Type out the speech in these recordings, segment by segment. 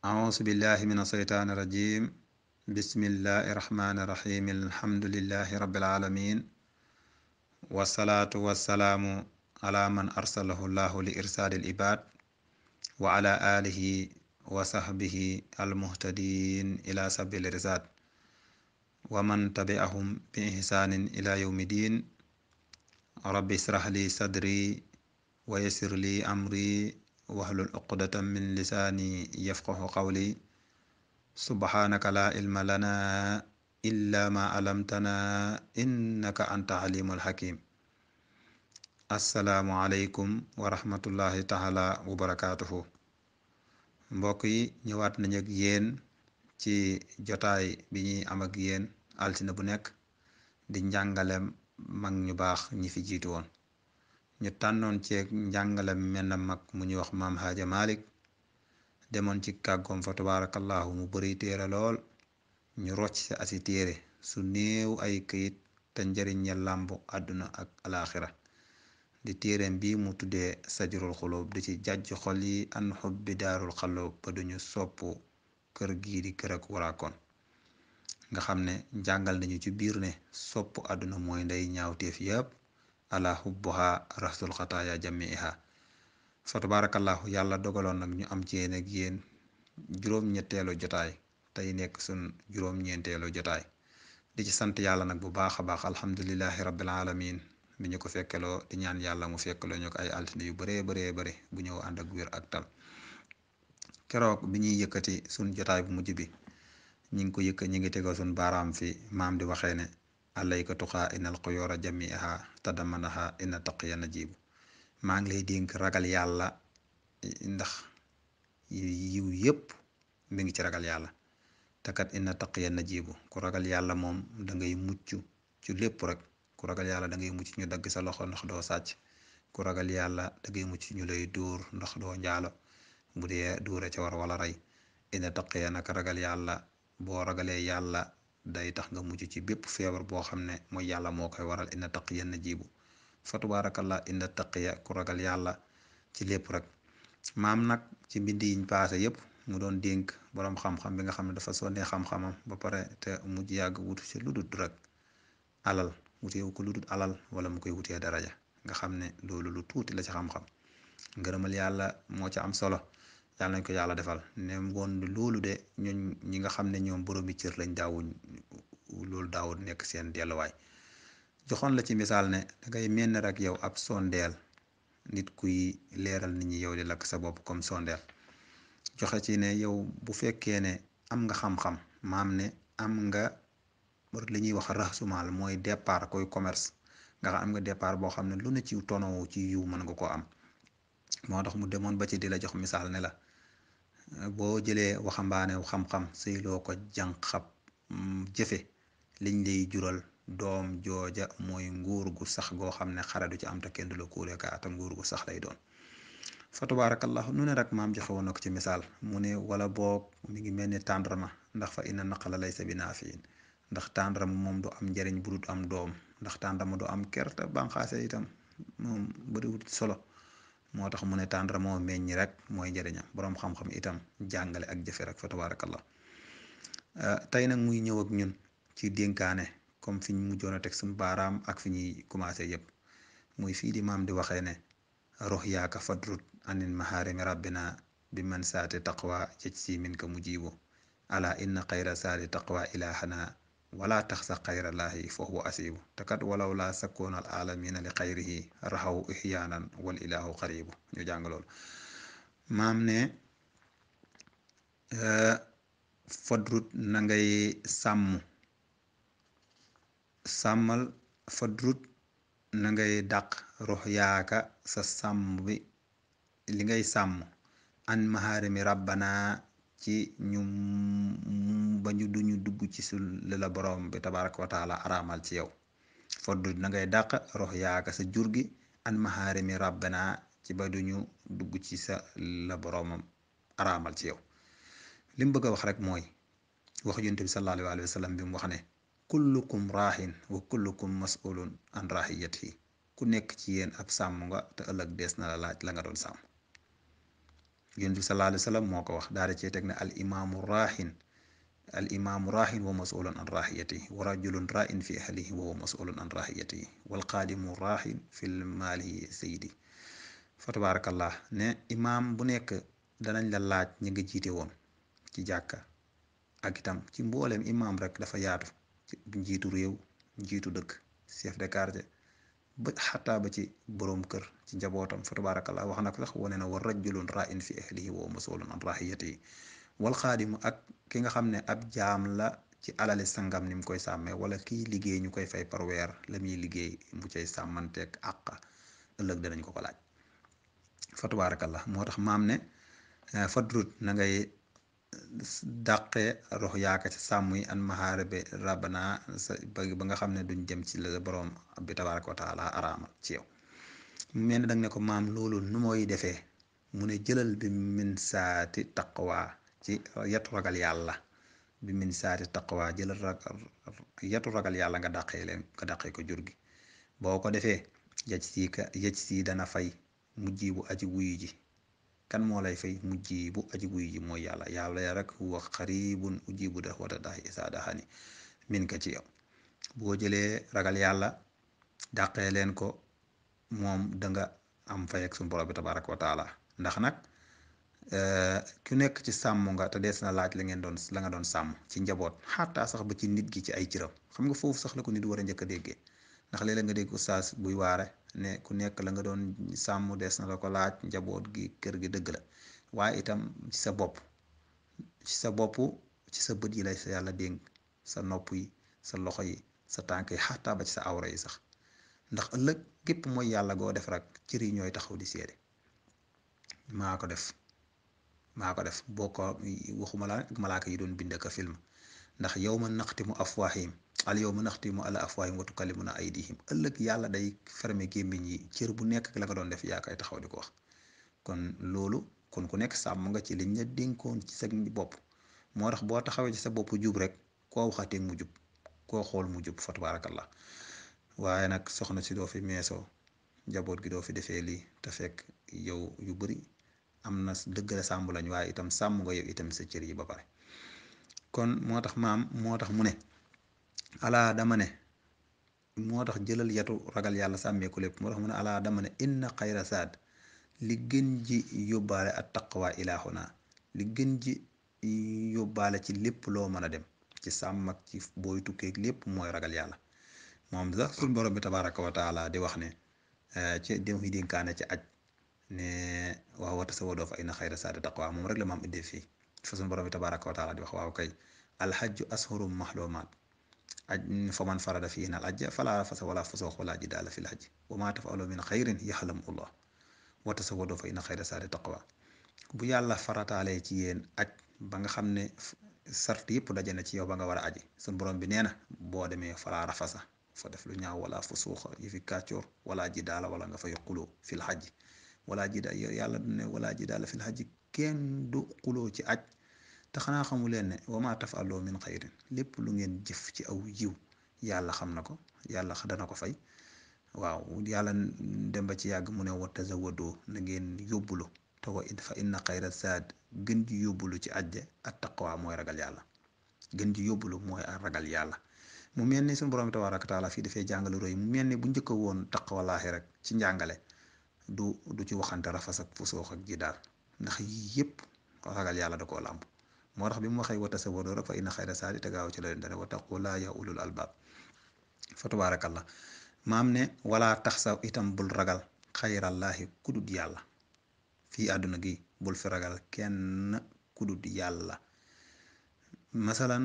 أعوذ بالله من الشيطان الرجيم بسم الله الرحمن الرحيم الحمد لله رب العالمين والصلاة والسلام على من أرسله الله لإرسال العباد وعلى آله وصحبه المهتدين إلى سبيل الرشاد ومن تبعهم بإحسان إلى يوم الدين رب اشرح لي صدري ويسر لي أمري wahlul uqdatan min lisaani yafqahu qawli subhanaka laa ilma lanaa illaa maa alamtanaa innaka anta alimul hakim assalaamu aleykum wa rahmatullahi taala wa barakaatuhu mbokk yi ñëwaat nañ yéen ci jotaay bi ñuy am ak yéen altine bu nekk di njàngalem mag ñu baax ñi fi jiitu ñu tànnoon ceeg njàngale menn mag mu ñuy wax maam Haaja Malik demoon ci kàggoom fa tabaarakallaahu mu bëri téere lool ñu rocc sa asi téere su néew ay këyit te njëriñ ya làmb àdduna ak alaaxira di téereem bi mu tuddee sajurul xuloob di ci jàjj xol yi an xub daarul xaloob ba duñu sopp kër gii di kër ak nga xam ne njàngal nañu ci biir ne sopp àdduna mooy ndey ñaawteef yépp ala hubbuha rasul xataaya jamiiha fa tabarakallahu yàlla dogaloon nag ñu am ci yéen ak yéen juróom-ñetteelu jotaay tey nekk sun juróom-ñeenteelu jotaay di ci sant yàlla nag bu baax a baax alhamdulilahi rabbil alamin bi ñu ko fekkeloo di ñaan yàlla mu fekkeloo ñu ko ay altine yu bëree bëree bëri bu ñëw ànd ak wér ak tal keroog bi ñuy yëkkati sun jotaay bu mujj bi ñi ngi ko yëkka ñi ngi tegoo sun baaraam fi maam di waxee ne alayka tuqaa inal xuyoora jamiiha tadamanaha ina taqiya najibu maa ngi lay dénk ragal yàlla ndax yiw yépp mi ngi ci ragal yàlla te kat inna taqiya najibu ku ragal yàlla moom dangay ngay mucc ci lépp rek ku ragal yàlla da ngay mucc ñu dagg sa loxo ndax doo sàcc ku ragal yàlla da ngay ñu lay dóor ndax doo njaalo bu dee dóora ca war wala rey inna taqiya naka ragal yàlla boo ragalee yàlla day tax nga mujj ci bépp feebar boo xam ne mooy yàlla moo koy waral inna taqiya najibu fa tabarakallah inna taqiya ku ragal yàlla ci lépp rek maam nag ci mbind yiñ paase yépp mu doon dénk boroom xam-xam bi nga xam ne dafa sonnee xam-xamam ba pare te mujj yàgg wutu ci lu dul rek alal wuteewu ko lu dul alal wala mu koy wutee daraja nga xam ne loolu lu tuuti la ci xam-xam ngërëmal yàlla moo ci am solo yàlla nañ ko yàlla defal ne woon loolu de ñun ñi nga xam ne ñoom boroomi cër lañ daawuñ loolu daawul nekk seen delluwaay joxoon la ci misaal ne dangay mel ne rek yow ab sondeel nit kuy leeral nit ñi yow di lakk sa bopp comme sondeel joxe ci ne yow bu fekkee ne am nga xam maam ne am nga li ñuy wax raxasumaal mooy départ koy commerce nga xam am nga départ boo xam ne lu ne ci tonowu ci yiw mën nga koo am moo tax mu demoon ba ci di la jox misaal ne la boo jëlee waxambaane xam-xam sëy loo ko jànqab mm, jëfe liñ lay jural doom jooja mooy nguur gu sax goo xam ne xare du ci am te kenn du la nguur gu sax lay doon fa tabaarakallahu nu ne rek maam joxe woon na ko ci misaal mu ne wala boog mi ngi mel ni tàndarma ndax fa inna naqala laysa bi naafiin ndax tàndarma moom du am njariñ bu dut am doom ndax tàndarma du am kerte banqaase itam moom bariwut solo moo tax mu ne tàndara moo meññ rek mooy njëriñam boroom xam-xam itam jàngale ak jëfe rek fa tabaarakallah euh, tey nag muy ñëw ak ñun ci dénkaane comme fi ñu mujjoon a teg suñu baaraam ak fi ñuy commencé yëpp muy fii di maam di waxee ne rox yaaka fadrut anin maharimi rabbina bi man saati taqwa ci mu min ka mujibu ala inna xayra saati taqwa ilahana wala taxsa xayralaahi fa huwa asiibu te kat walaw laa sakkoon al aalamiina li xayrihi raxaw ihyaanan wal ilaahu xaribu ñu jàng maam ne eh, fadrut na ngay sàmm sàmmal fadrut na ngay dàq rox sa sàmm bi li ngay sàmm an maharimi rabbana ci ñu ba ñu duñu dugg ci sul la borom bi tabaraka wa taala araamal ci yow foddu na ngay dàq rox yaaka sa jur gi an maharimi rabbana ci ba duñu dugg ci sa la boroomam araamal ci yow li mu bëgg a wax rek mooy wax yonent bi sa alayhi wa sallam bi mu wax ne kullukum raahin wa kullukum mas'ulun an raahiyatihi ku nekk ci yéen ab sàmm nga te ëllëg des na la laaj la nga doon sàmm yonent bi sallallahu alayhi wa moo ko wax daara cee teg ne al imaamu raaxin al imaamu raaxin wa masulun an raxiyatihi wa rajulun raain fi ahlihi wa huwa masulun an raxiyatihi wal qaadimu raaxin fi maalihi sayidi fa tabaarakallah ne imaam bu nekk danañ la laaj ñi nga jiite woon ci jàkka akitam itam ci mbooleem imaam rek dafa yaatu njiitu réew njiitu dëkk chef de quartier ba xataa ci boroom kër ci njabootam fa tabaarakallah wax na ko sax wane na wa rajulun ra'in fi ahlihi wa masulun an rahiyatihi wal xaadimu ak ki nga xam ne ab jaam la ci alali sangam ni mu koy sàmmee wala kii liggéey ñu koy fay parweer weer la muy liggéey mu cay sàmmanteeg àq ëllëg danañ ko ko laaj fa moo tax maam ne eh, fadrut na dàqe rox yaaka ca sàmm yi an maxaarabe rabana sa ba nga xam ne duñ jëm ci la borom bi tabaraka wa taala araamal ci yow mu mel ne danga ne ko maam loolu nu mooy defee mu ne jëlal bi min saati taqwa ci yetu ragal yàlla bi min saati taqwa jëlal yetu ragal yàlla nga dàqee leen nga ko jur gi boo ko defee yaj sii ka dana fay mujji bu aji wuyu ji kan moo lay fay mujjibu aji wuy ji mooy yàlla yàlla ya rek huwa xaribun ujibu da'wata daa'i izaa da'aani min ka ci yow boo jëlee ragal yàlla dàqee leen ko moom danga am fay ak sunu borom bi tabaraka wa taala ndax nag eh, ku nekk ci sàmm nga te dees na laaj la ngeen doon la nga doon sàmm ci njaboot xataa sax ba ci nit ki ci ay cëram xam nga foofu sax la ko nit war a njëkk a déggee ndax léeg-léeg nga dégg ustaas buy waare ne ku nekk la nga doon sàmm des na la ko laaj njaboot gi kër gi dëgg la waaye itam ci sa bopp ci sa bopp ci sa bët yi lay sa yàlla dénk sa nopp yi sa loxo yi sa tànk yi xataa ba ci sa awra yi sax ndax ëllëg gépp mooy yàlla goo def rek cër yi ñooy taxaw di seede maa ko def maa ko def boo waxuma laa malaaka yi doon bind ka film ndax yawma naxtimu afwaahim al yawma naxtimu ala afwaahim wa tukallimuna aydihim ëllëg yàlla day fermer gémmiñ yi cër bu nekk la nga doon def yaa koy taxaw di ko wax kon loolu kon ku nekk sàmm nga ci liñ la dénkoon ci bopp moo tax boo taxawee ci sa bopp jub rek koo waxatee mu jub koo xool mu jub fa tabaarakallah waaye nag soxna si doo fi meesoo njaboot gi doo fi defee lii te fekk yow yu bari am na dëgg sambu sàmm lañ waaye itam sàmm nga yow itam sa cër yi ba pare kon moo tax maam moo tax mu ne alaa dama ne moo tax jëlal yatu ragal yàlla sàmmeeku lépp moo tax mu ne alaa dama ne inna xayra saad li gën ji yóbbaale at taqwa ilaahuna li gën ji yóbbaale ci lépp loo mën a dem ci sàmm ak ci booy lépp mooy ragal yàlla moom sax suñ borom bi tabaraka wa taala di wax ne eh, ci dem yi dénkaane ci aj ne waaw wata sa wadoo ay na xayra saada taqwa moom rek la maam iddee fii fa suñu borom bi tabaraka wa taala di wax waaw kay alxajju ashurum mahlumaat aj fa man farada fiihinna al ajja falaa rafasa wala fusuuqa wala jidaala fi l ajj wa maa tafalu min xayrin yaxlamuhu llah wa tasawwadu fa inna xayra zaadi taqwa bu yàlla farataalee ci yéen aj ba nga xam ne sart yëpp daje na ci yow ba nga war a aji suñ borom bi nee na boo demee falaa rafasa fa def lu ñaaw wala fusuuqa yi fi kàccoor wala jidaala wala nga fay xuloo fil xaj wala jida yàlla ne wala jidaala fil xaj kenn du xuloo ci aj te xanaa xamu leen ne wa ma tafaloo min xayrin lépp lu ngeen jëf ci aw yiw yàlla xam na ko yàlla dana ko fay waaw yàlla dem ba ci yàgg mu ne wa tazawadoo na ngeen yóbbulu te wa it xayra zaad gën ji yóbbulu ci ajje at mooy ragal yàlla gën ji yóbbulu mooy ragal yàlla mu mel ni suñu borom bi tabaaraka taala fii dafay jàngale roy mu mel ni bu njëkk woon taqwalaahi rek ci njàngale du du ci waxante rafas ak fusoox ak ji daal ndax yii yëpp ragal yàlla da koo làmb moo tax bi mu waxee wa tasawwadu rek fa inna xayra saadi tagaaw ci la leen dane wa taqu laa ya ulul albaab fa tabaarakallah maam ne wala tax saw itam bul ragal xayrallaahi kudut yàlla fii àdduna gi bul fi ragal kenn kudut yàlla masalan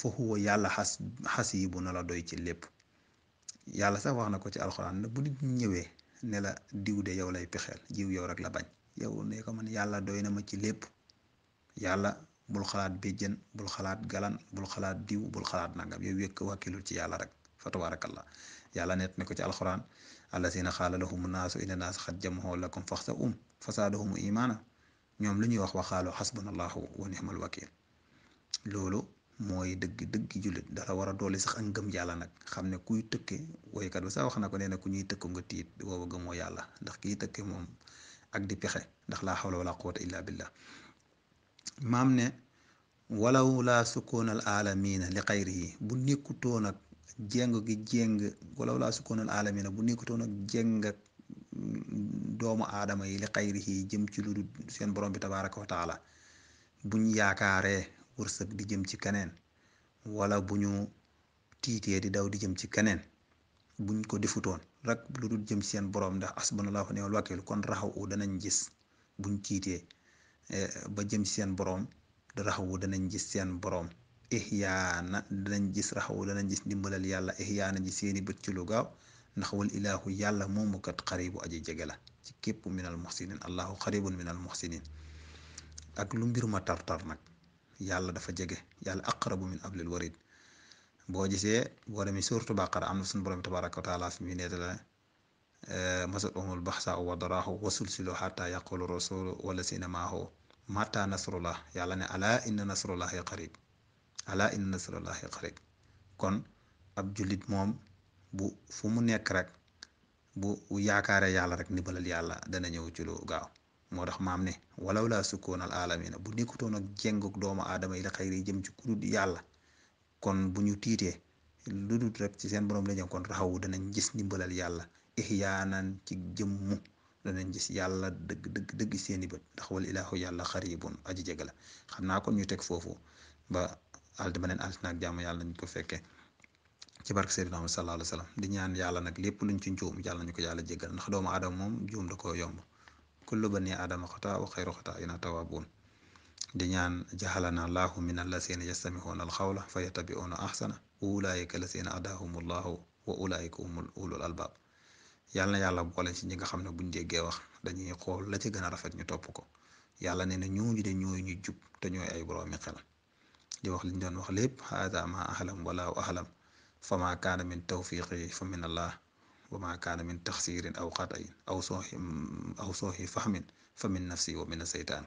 fa huwa yàlla xas xasiibu na la doy ci lépp yàlla sax wax na ko ci alxuraan bu nit ñëwee nela la diw de yow lay pexeel jiw yow rek la bañ yow ne ko man yàlla doy na ma ci lépp yàlla bul xalaat béjjën bul xalaat galan bul xalaat diw bul xalaat nangam yow wékk wàkkilul ci yàlla rek fa tabarakallah yàlla net na ko ci alxuraan allazina xaala lahumu naasu inna naas xat jamaxoo lakum faxsa um fasaaduhumu imaana ñoom lu ñuy wax waxaalu xasbunallahu wa nixmal wakil loolu mooy dëgg dëgg jullit dafa war a doole sax ak ngëm yàlla nag xam ne kuy tëkke woykat ba sax wax na ko nee ku ñuy tëkku nga tiit booba gëmoo ak di pexe ndax laa xawla wala quwata illa billah maam ne walaw laa sukkoonal aalamiina li xayrihi bu nekkutoon ak jéng gi jéng walaw laa sukkoonal aalamiina bu nekkutoon ak jéng doomu aadama yi li xayrihi jëm ci lu seen borom bi tabaaraka buñ yaakaaree wërsëg di jëm ci keneen wala bu ñu tiitee di daw di jëm ci keneen buñ ko defutoon rek lu dul jëm seen boroom ndax asbanallahu fa neewal wàkkeel kon raxaw u danañ gis buñ tiitee eh, ba jëm seen boroom raxaw u danañ gis seen borom ixyaana danañ gis raxaw u danañ gis ndimbalal yàlla ixyaana ji seeni bët ci lu gaaw ndax wal ilaahu yàlla moomu kat xaribu aji jege la ci képp minal muxsinin allahu xaribun minal muxsinin ak lu mbir ma tartar nag yàlla dafa jege yàlla aqrabu min ablil warid boo gisee boo demee surtu bàqara am na suñu borom tabaraka wa taala fi mu nettali la eh, masat umul baxsa wa daraahu wa sulsilu xata yaqulu rasul wala sina maahu mata nasrullah ne ala inna nasrullahi qarib ala inna nasrullahi qarib kon ab jullit moom bu fu nekk rek bu yaakaaree yàlla rek ndimbalal yàlla dana ñëw ci lu gaaw moo tax maam ne walaw laa bu nekkutoon ak jénguk doomu aadama yi la xayri jëm ci yàlla kon bu ñu tiitee lu dul rek ci seen borom la jëm kon raxawu danañ gis ndimbalal yàlla ixyaanan ci jëmmu danañ gis yàlla dëgg dëgg dëgg seeni bët ndax wal ilaahu yàlla xaribun aji jege la xam naa kon ñu teg foofu ba alt beneen alt naag jàmm yàlla nañ ko fekkee ci barke Seydina Muhammad sallallahu di ñaan yàlla nag lépp luñ ci njuum yàlla nañu ko yàlla jéggal ndax doomu aadama moom juum da koo yomb kullu bani aadama xataa wa xayru xataa ina tawaabuun di ñaan jaxalana allahu min allasina yastamixuuna alxawla fa yattabiuuna axsana ulaayika lasina adaahum allahu wa ulaayika humul ulul albaab yàlla na yàlla boole ci ñi nga xam ne buñ déggee wax dañuy xool la ci gën rafet ñu topp ko yàlla nee na ñooñu de ñooy ñu jub te ñooy ay boroomi xel di wax liñ doon wax lépp haada ma ahlam walaahu ahlam fa ma kaana min tawfiqi fa min allah wa ma kaana min taxsirin aw xatain aw sooxi aw sooxi fahmin fa min nafsi wa min a seytaan